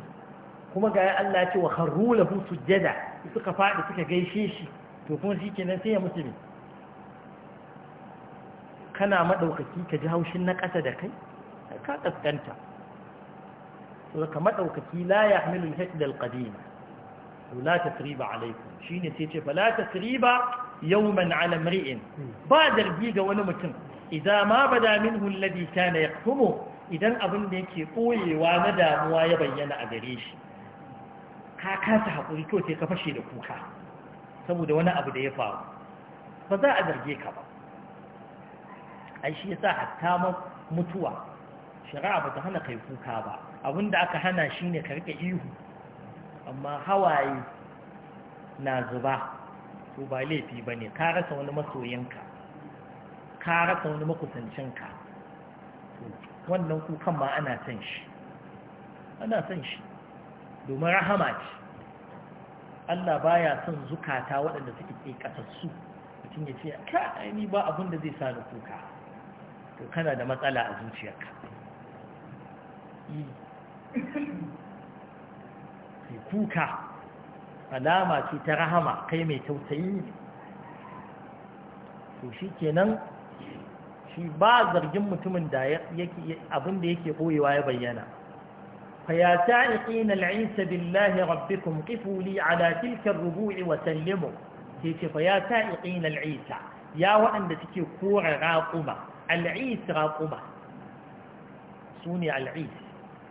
kuma ga Allah ya ce wa kharru lahu sujada suka faɗi suka gaishe shi to kuma shi kenan sai ya mutu ne kana maɗaukaki ka ji haushin na ƙasa da kai ka ƙasƙanta saboda madaukaki la yahmilu al-hikd al-qadim la tasriba alaikum shine sai ce fala tasriba yawman ala mar'in ba zargi ga wani mutum idan ma bada minhu alladhi ya yaktumu idan abin da yake koyewa na damuwa ya bayyana a gare shi ka kasa hakuri ko sai ka fashe da kuka saboda wani abu da ya faru ba za a zarge ka ba ai shi yasa hatta mutuwa shari'a ba ta hana kai kuka ba da aka hana shi ne ka riƙe ihu amma hawaye na zuba to ba laifi ba ne ka rasa wani masoyinka ka rasa wani makusancinka wannan kukan ma ana son shi ana son shi domin rahama ce Allah baya son zukata waɗanda suke ke ƙasassu mutum ya ce ka aini ba abin da zai sa ni kuka to kana da matsala a zuciyarka ki kuka alama ce ta rahama kai mai tausayi to shikenan shi ba zargin mutumin da yake abin da ya bayyana fa ya ta'iqin al-'isa billahi rabbikum qifu li ala tilka ar-rubu' wa sallimu yace fa ya ta'iqin al-'isa ya wadanda suke kore raquba al-'isa raquba sune al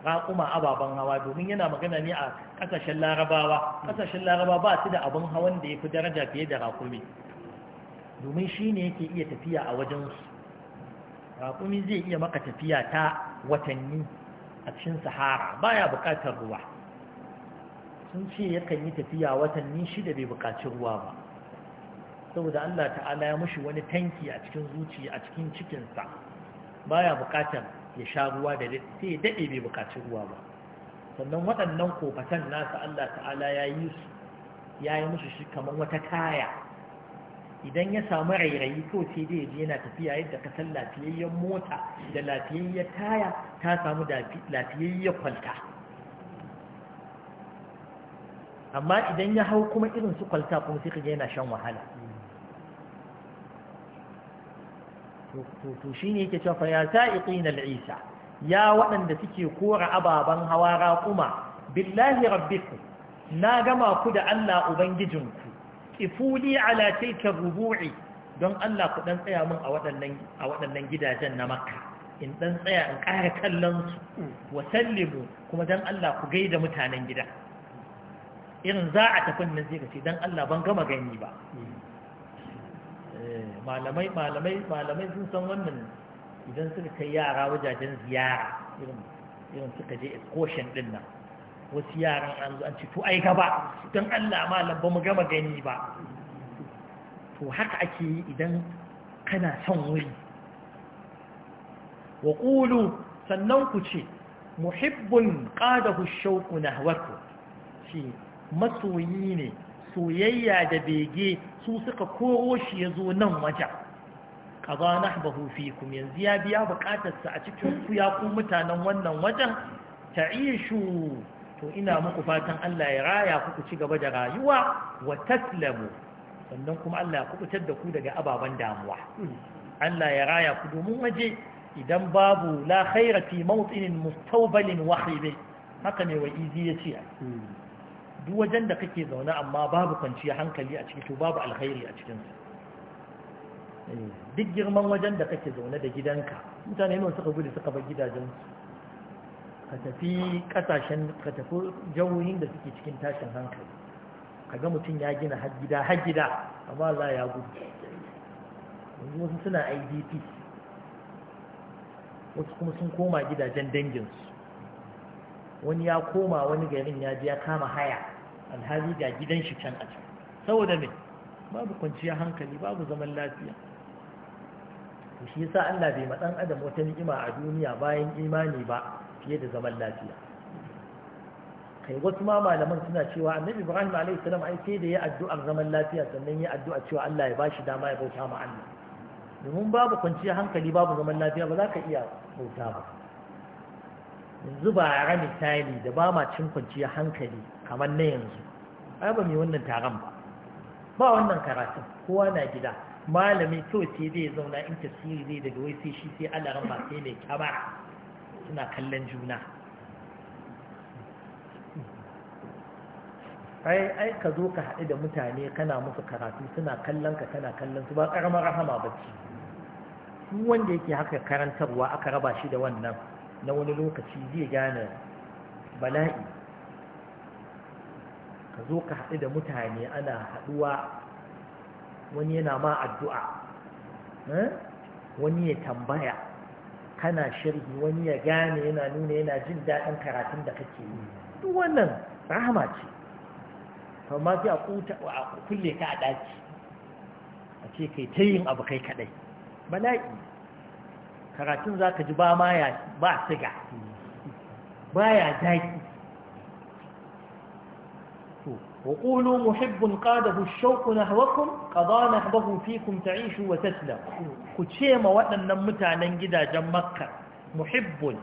raƙuma ababen hawa domin yana magana ne a ƙasashen larabawa ƙasashen larabawa ba su da abin hawan da ya fi daraja fiye da raƙumi domin shi ne yake iya tafiya a wajensu raƙumi zai iya maka tafiya ta watanni a cikin sahara Ba ya buƙatar ruwa sun ce yakan yi tafiya watanni shida bai buƙaci ruwa ba saboda Allah ta'ala ya mushi wani tanki a cikin zuciya a cikin cikinsa ba ya buƙatar ya sha ruwa da sai ya daɗe bai bukaci ruwa ba sannan waɗannan kofatan nasa Allah ta'ala ya yi su ya yi musu shi kamar wata kaya idan ya samu rairayi ko sai dai je yana tafiya yadda ka san lafiyayyen mota da lafiyayyen kaya ta samu lafiyayyen kwalta amma idan ya hau kuma irin su kwalta kuma sai kaga yana shan wahala to shi ne yake cewa ya sa'iqina al-isa ya waɗanda suke kora ababan hawa raquma billahi rabbikum na gama ku da Allah ubangijinku ifuli ala tilka rubu'i don Allah ku dan tsaya mun a waɗannan a waɗannan gidajen na makka in dan tsaya in ƙara kallon su wa sallimu kuma dan Allah ku gaida mutanen gida irin za a tafi nan zai ka ce dan Allah ban gama gani ba malamai malamai malamai sun san wannan idan suka kai yara wajajen ziyara irin irin suka je excursion din nan wasu yaran an zo an ce to ai ba don Allah malam ba mu gama gani ba to haka ake yi idan kana son wuri wa qulu sannan ku ce muhibbun qadahu shauqu nahwaku shi masoyi ne soyayya da bege su suka koro shi ya zo nan waje. kaza nahbahu fikum yanzu ya biya bukatarsa a cikin ku ya ku mutanen wannan wajen ta'ishu to ina muku fatan Allah ya raya ku ku ci gaba da rayuwa wa taslamu sannan kuma Allah ya kubutar da ku daga ababen damuwa Allah ya raya ku domin waje idan babu la khaira fi mawtinin mustawbalin wahibi haka ne wa izi yace duk wajen da kake zaune amma babu kwanciya hankali a ciki to babu alkhairi a cikinsu. Eh, duk girman wajen da kake zaune da gidanka mutane yawan suka gudu suka bar gidajen ka tafi kasashen ka tafi jawoyin da suke cikin tashin hankali Ka ga mutum ya gina har gida har gida amma Allah ya gudu
yanzu
wasu suna IDP wasu kuma sun koma gidajen danginsu wani ya koma wani garin ya je ya kama haya alhali ga gidan shi can a can saboda mai babu kwanciyar hankali babu zaman lafiya to shi sa Allah bai matsan adam wata ni'ima a duniya bayan imani ba fiye da zaman lafiya kai wasu ma malaman suna cewa annabi Ibrahim alaihi salam ai sai da ya addu'ar zaman lafiya sannan ya addu'a cewa Allah ya bashi dama ya bauta ma Allah domin babu kwanciyar hankali babu zaman lafiya ba za ka iya bauta ba yanzu ba a misali da ba ma cin kwanciyar hankali kamar na yanzu ai ba mai wannan taron ba ba wannan karatu, kowa na gida malami kawai zai zauna in tasiri zai daga wai sai shi sai ba sai mai kamara suna kallon juna ai ai ka zo ka haɗu da mutane kana musu karatu suna kallon ka kana kallon su ba ƙaramar rahama ba ce wanda yake haka karantarwa aka raba shi da wannan na wani lokaci zai gane bala'i ka zo ka haɗu da mutane ana haɗuwa wani yana ma addu'a eh? wani ya tambaya kana shirgi wani ya gane yana nuna yana jin daɗin karatun da kake yi duk wannan rahama ce amma sai a kulle ka a ɗaki a ce kai ta yin abu kai kaɗai bala'i karatun za ka ji ba ma ya ba siga ba ya daƙi وقولوا محب قاده الشوق نهوكم قضى نهبه فيكم تعيش وتسلم كتشيما وأن متعنا جدا مكة محب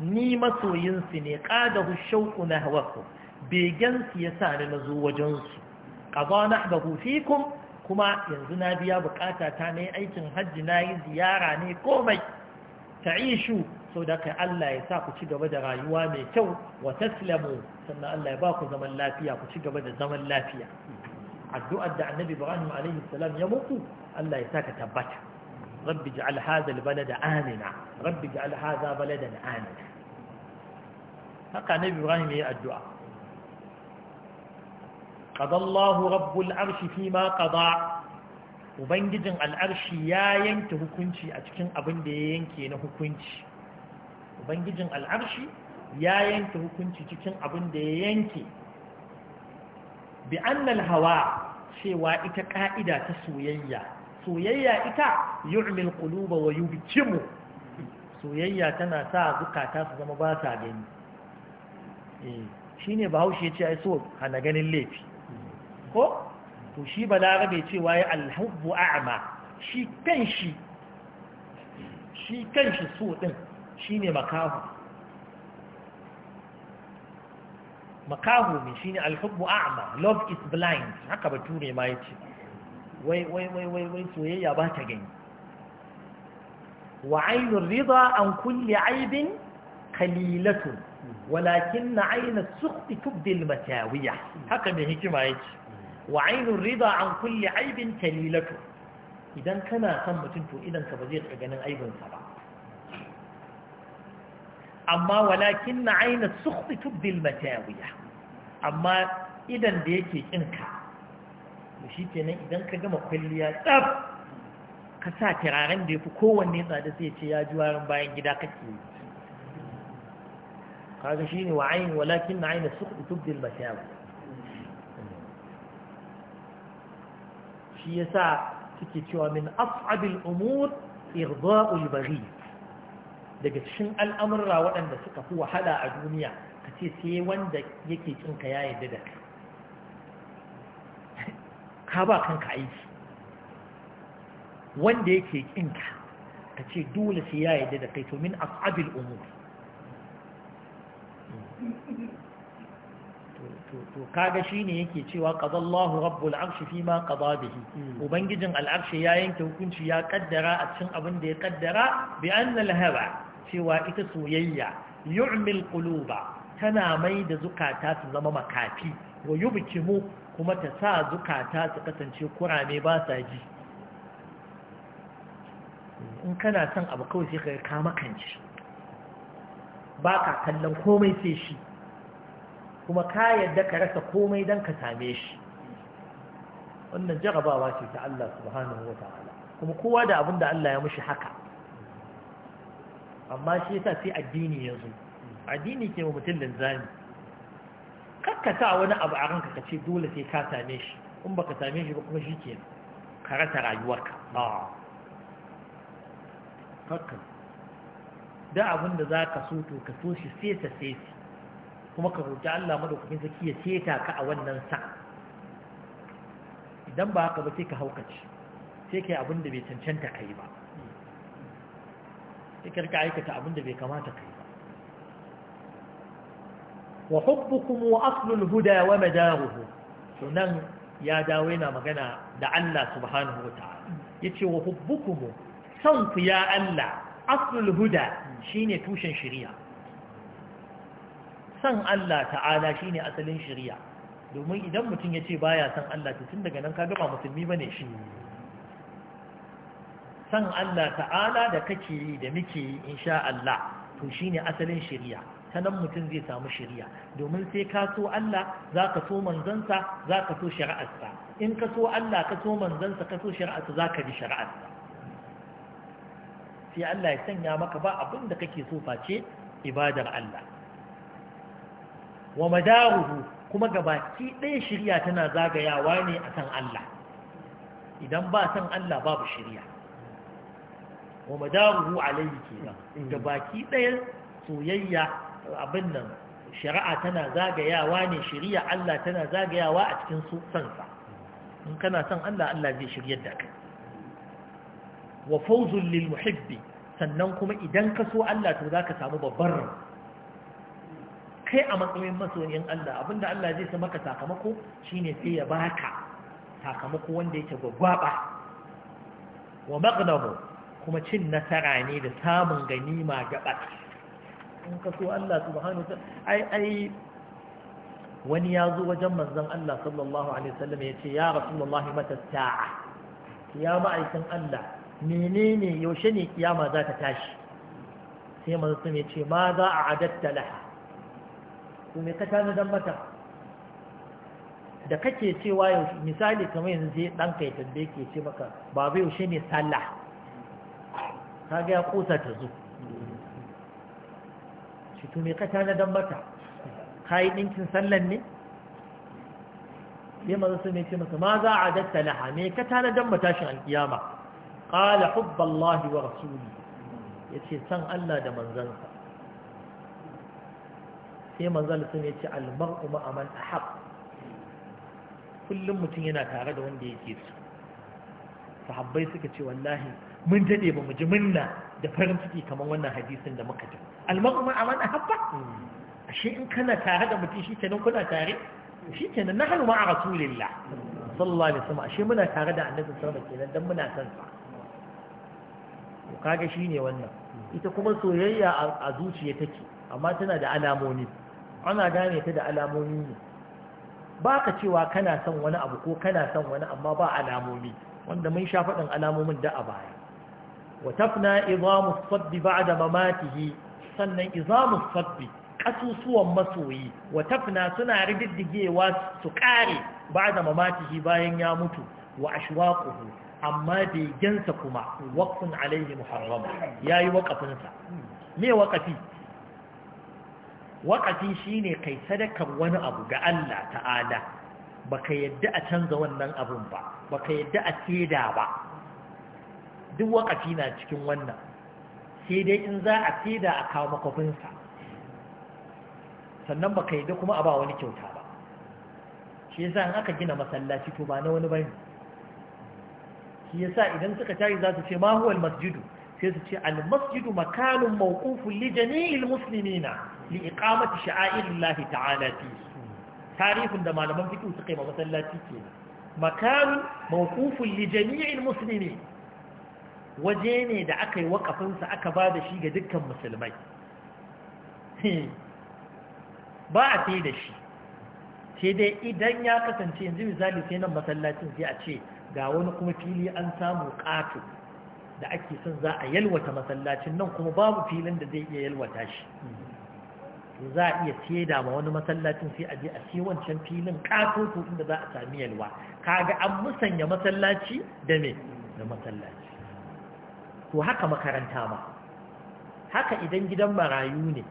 نيمة ينسني قاده الشوق نهوكم بجنس يسان نزو وجنس قضى نهبه فيكم كما ينزنا بيا بقاتا تاني أيتن حج ناي زيارة ني قومي تعيشوا sau da kai Allah ya sa ku ci gaba da rayuwa mai kyau wa taslamu sannan Allah ya ba ku zaman lafiya ku ci gaba da zaman lafiya addu'ar da annabi Ibrahim alaihi salam ya muku Allah ya sa ka tabbata rabbi ja'al hadha albalada amina rabbi ja'al hadha baladan amina haka annabi Ibrahim ya yi addu'a قضى الله رب العرش فيما قضى ubangijin al'arshi ya yanke hukunci a cikin abin da ya yanke na hukunci Bangijin al'arshi ya yanke hukunci cikin abin da ya yanke bi annal hawa cewa ita ka'ida ta soyayya soyayya ita yu'mil quluba wa yubkimu soyayya tana sa zukata su zama ba sa gani eh, shine bahaushe ya ce ai so hana ganin laifi ko to shi balarabe cewa ya alhubbu a'ma shi kan shi shi kan shi so din shine makahu makahu ne shine alhubbu a'ma love is blind haka bature ma yace wai wai wai wai wai soyayya ba ta gani wa ainur rida an kulli aibin matawiya, haka mai hikima تبدي المساوية حقا من هكما يجي وعين الرضا عن كل عيب كليلته إذا idan ka ba zai أجنان aibinsa ba. amma walakin na aina sukhti tubdil matawiya amma idan da yake kinka shi kenan idan ka gama kwalliya tsaf ka sa turaren da ya fi kowanne tsada sai ce ya ji warin bayan gida kake yi kaga shi ne wa aini walakin na aina sukhti tubdil matawiya shi yasa suke cewa min as'abil umur irda'ul baghi daga cikin al'amurra waɗanda suka fi wahala a duniya ka ce sai wanda yake cinka ya yadda da kai ka ba kanka aiki wanda yake kinka ka ce dole sai ya yadda da kai to min as'abil umur to kaga shine yake cewa qadallahu rabbul arshi fima qada bihi hmm. ubangijin al'arshi ya yanke hukunci ya kaddara a cikin abin da ya kaddara bi anna al-hawa cewa ita soyayya yu'mil quluba tana mai da zukata su zama makafi wa yubkimu kuma ta sa zukata su kasance kurame ba sa ji in kana son abu kawai sai ka kama kanci ba ka kallon komai sai shi kuma ka yadda ka rasa komai don ka same shi wannan jarabawa ce ta Allah subhanahu wa ta'ala kuma kowa da abin da Allah ya mushi haka amma shi yasa sai addini ya zo addini ke wa mutum linzami kakkata wani abu a ranka ka ce dole sai ka same shi in baka same shi ba kuma shi ke ka rasa rayuwarka ah. kakkan da abin da za ka so to ka so shi sai ta sai kuma ka roƙi Allah madaukakin sarki ya ceta ka a wannan sa idan ba haka ba sai ka haukace sai kai abin da bai cancanta kai ba sai ka rika aikata abin da bai kamata kai ba wa hubbukum wa aslul huda wa madaruhu to nan ya dawo yana magana da Allah subhanahu wa ta'ala yace wa hubbukum san ku ya Allah aslul huda shine tushen shari'a san Allah ta'ala shine asalin shirya domin idan mutum ya ce baya san Allah to tun daga nan ka gaba musulmi ne shi san Allah ta'ala da kake yi da muke yi insha Allah to ne asalin shirya ta nan mutum zai samu shirya domin sai ka so Allah za ka so manzansa za ka so shari'arsa in ka so Allah ka so manzansa ka so shari'arsa za ka bi shari'arsa sai Allah ya sanya maka ba abin da kake so face ibadar Allah wa madaruhu kuma gabaki ɗaya shirya tana zagayawa ne a san Allah idan ba san Allah babu shirya wa madaruhu alayhi kenan mm. gabaki ɗaya soyayya abin nan shari'a tana zagayawa ne shirya Allah tana zagayawa a cikin sansa in kana san Allah Allah zai shiryar da kai wa fawzul lil muhibbi sannan kuma idan ka so Allah to zaka samu babbar kai a matsayin masoyin Allah abinda Allah zai sa maka sakamako shine sai ya baka sakamako wanda yake gwaggwaba wa maghnamu kuma cin nasara ne da samun ganima ga in ka so Allah subhanahu wa ai ai wani ya zo wajen manzon Allah sallallahu alaihi wasallam ya ce ya rasulullahi mata sa'a ya ma'aikin Allah menene yaushe ne kiyama za ta tashi sai manzon ya ce ma za a adatta laha to me ka tana dan mata da kake cewa yau misali kamar yanzu sai ɗanka ya tambaye ke ce maka babu yaushe ne sallah kaga ya kusa ta zo shi to me ka tana dan mata yi dinkin sallan ne sai manzo sai ce masa ma za a datta laha me ka tana shi matashin alkiyama qala hubballahi wa rasuli ce san Allah da manzansa sai manzal sun ya ce almar'u ma'aman ahab kullum mutum yana tare da wanda yake so sahabbai suka ce wallahi mun daɗe ba mu ji minna da farin ciki kamar wannan hadisin da muka ji almar'u ma'aman ahab ashe in kana tare da mutum Shi kenan kuna tare Shi kenan shikenan nahnu ma'a rasulillah sallallahu alaihi wasallam ashe muna tare da annabi sallallahu alaihi wasallam kenan dan muna san sa kaga shine wannan ita kuma soyayya a zuciya take amma tana da alamomi ana gane ta da alamomi ne ba ka cewa kana son wani abu ko kana son wani amma ba alamomi wanda mun sha faɗin alamomin da a baya Watafna tafna izamu ba'da mamatihi sannan izamu saddi kasusuwan masoyi watafna suna rididdigewa su kare ba'da mamatihi bayan ya mutu wa ashwaquhu amma gensa kuma waqfun alaihi muharram yayi waqafin me waqafi waƙafi shine kai sadakan wani abu ga Allah ta'ala Ba ka yadda a canza wannan abun ba Ba ka yadda a teda ba duk waƙafi na cikin wannan sai dai in za a teda a kawo makwafinsa sannan ba ka yadda kuma a ba wani kyauta ba shi yasa in aka gina masallaci to ba na wani bane shi yasa idan suka tari za su ce mahuwal masjidu sai su ce al masjidu makalun mawqufun li jami'il muslimina li iqamati sha'airillahi ta'ala fi tarihin da malaman fiqh suka yi masallaci kenan makan mawqufun li jami'il muslimin waje ne da aka yi wakafin sa aka ba da shi ga dukkan musulmai ba a sai da shi sai dai idan ya kasance yanzu misali sai nan masallacin sai a ce ga wani kuma fili an samu ƙato da ake son za a yalwata masallacin nan kuma babu filin da zai iya yalwata shi za a iya ceda ma wani masallacin sai a je a ci wancan filin katoto inda za a sami yalwa kaga an musanya masallaci da me da masallaci to haka makaranta ma haka idan gidan marayu ne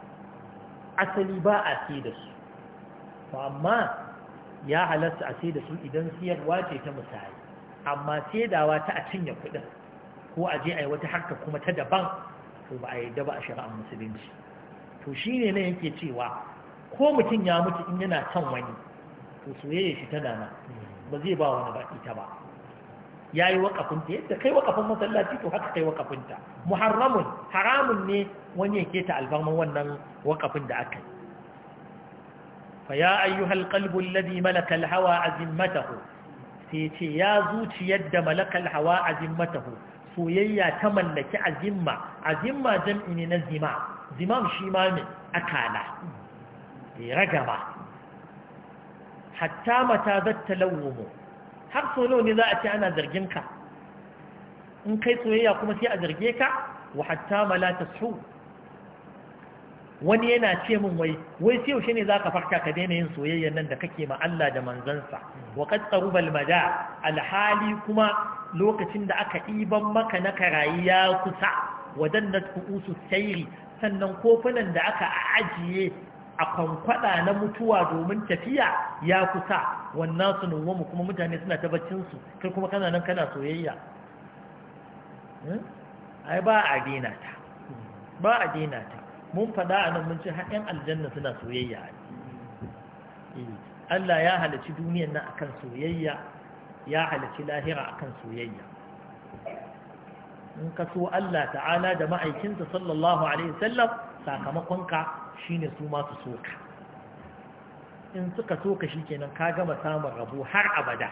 asali ba a ce da su to amma ya halatta a ce da su idan siyarwa ce ta misali amma sedawa ta a cinye kuɗin ko a je a yi wata harka kuma ta daban to ba a yi daba a shari'ar musulunci to shi ne na yake cewa ko mutum ya mutu in yana can wani to soyayya shi tana nan ba zai ba wani ba ita ba ya yi wakafinta yadda kai wakafin masallaci to haka kai wakafinta muharramun haramun ne wani yake ta alfarma wannan wakafin da aka yi fa ya ayyuhal qalbul ladhi malaka al-hawa azimmatahu sai ce ya zuciyar da malakal hawa azimmatahu soyayya ta mallaki azimma azimma jam'i ne na zima zimam shi ma ne akala ya ragama hatta mata zatta lawumu har solo ne za a ce ana zargin ka in kai soyayya kuma sai a zarge ka wa hatta mala wani yana ce min wai wai sai yaushe ne zaka farka ka daina yin soyayya nan da kake ma Allah da manzansa wa qad taruba mada alhali kuma lokacin da aka ɗiban maka na karayi ya kusa waɗannan ku'usu sairi sannan kofunan da aka ajiye a kwankwada na mutuwa domin tafiya ya kusa wannan su mu kuma mutane suna ta baccinsu kai kuma kana nan kana soyayya hmm? ai ba a dina ta ba a dina ta mun faɗa a nan mun ci haɗin aljanna suna soyayya eh, Allah ya halarci duniyan nan akan soyayya ya halarci lahira akan soyayya in ka so Allah ta'ala da ma'aikinsa sallallahu alaihi wasallam sakamakonka shine su ma su so ka in suka so ka shikenan ka gama samun rabo har abada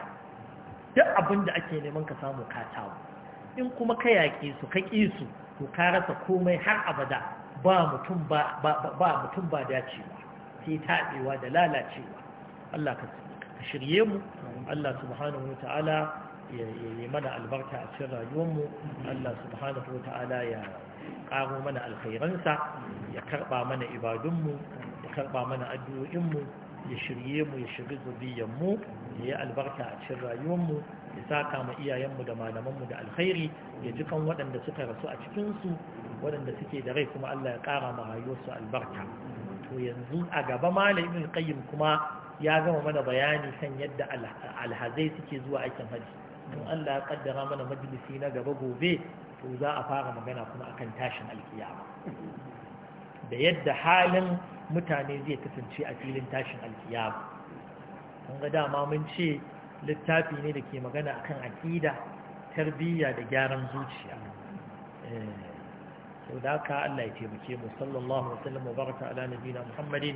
duk abin da ake neman ka samu ka tawo in kuma ka yaƙe su ka ƙi su to ka rasa komai har abada ba mutum ba dacewa sai taɓewa da lalacewa Allah ka ka shirye mu Allah subhanahu wa ta'ala ya yi mana albarka a cikin rayuwarmu Allah subhanahu wa ta'ala ya karo mana alkhairansa ya karba mana ibadunmu ya karba mana addu'o'inmu ya shirye mu ya shirye zuriyarmu ya yi albarka a cikin rayuwarmu ya saka ma iyayenmu da malamanmu da alkhairi ya ji kan waɗanda suka rasu a cikinsu waɗanda suke da rai kuma Allah ya ƙara ma rayuwarsu albarka to yanzu a gaba malamin qayyim kuma ya gama mana bayani kan yadda alhazai suke zuwa aikin hajji in Allah ya kaddara mana majalisi na gaba gobe to za a fara magana kuma akan tashin alkiyama da yadda halin mutane zai kasance a filin tashin alkiyama kun ga dama mun ce littafi ne da ke magana akan aƙida tarbiyya da gyaran zuciya sau eh, da ka Allah ya taimake mu sallallahu alaihi wa sallam wa baraka ala nabiyina Muhammadin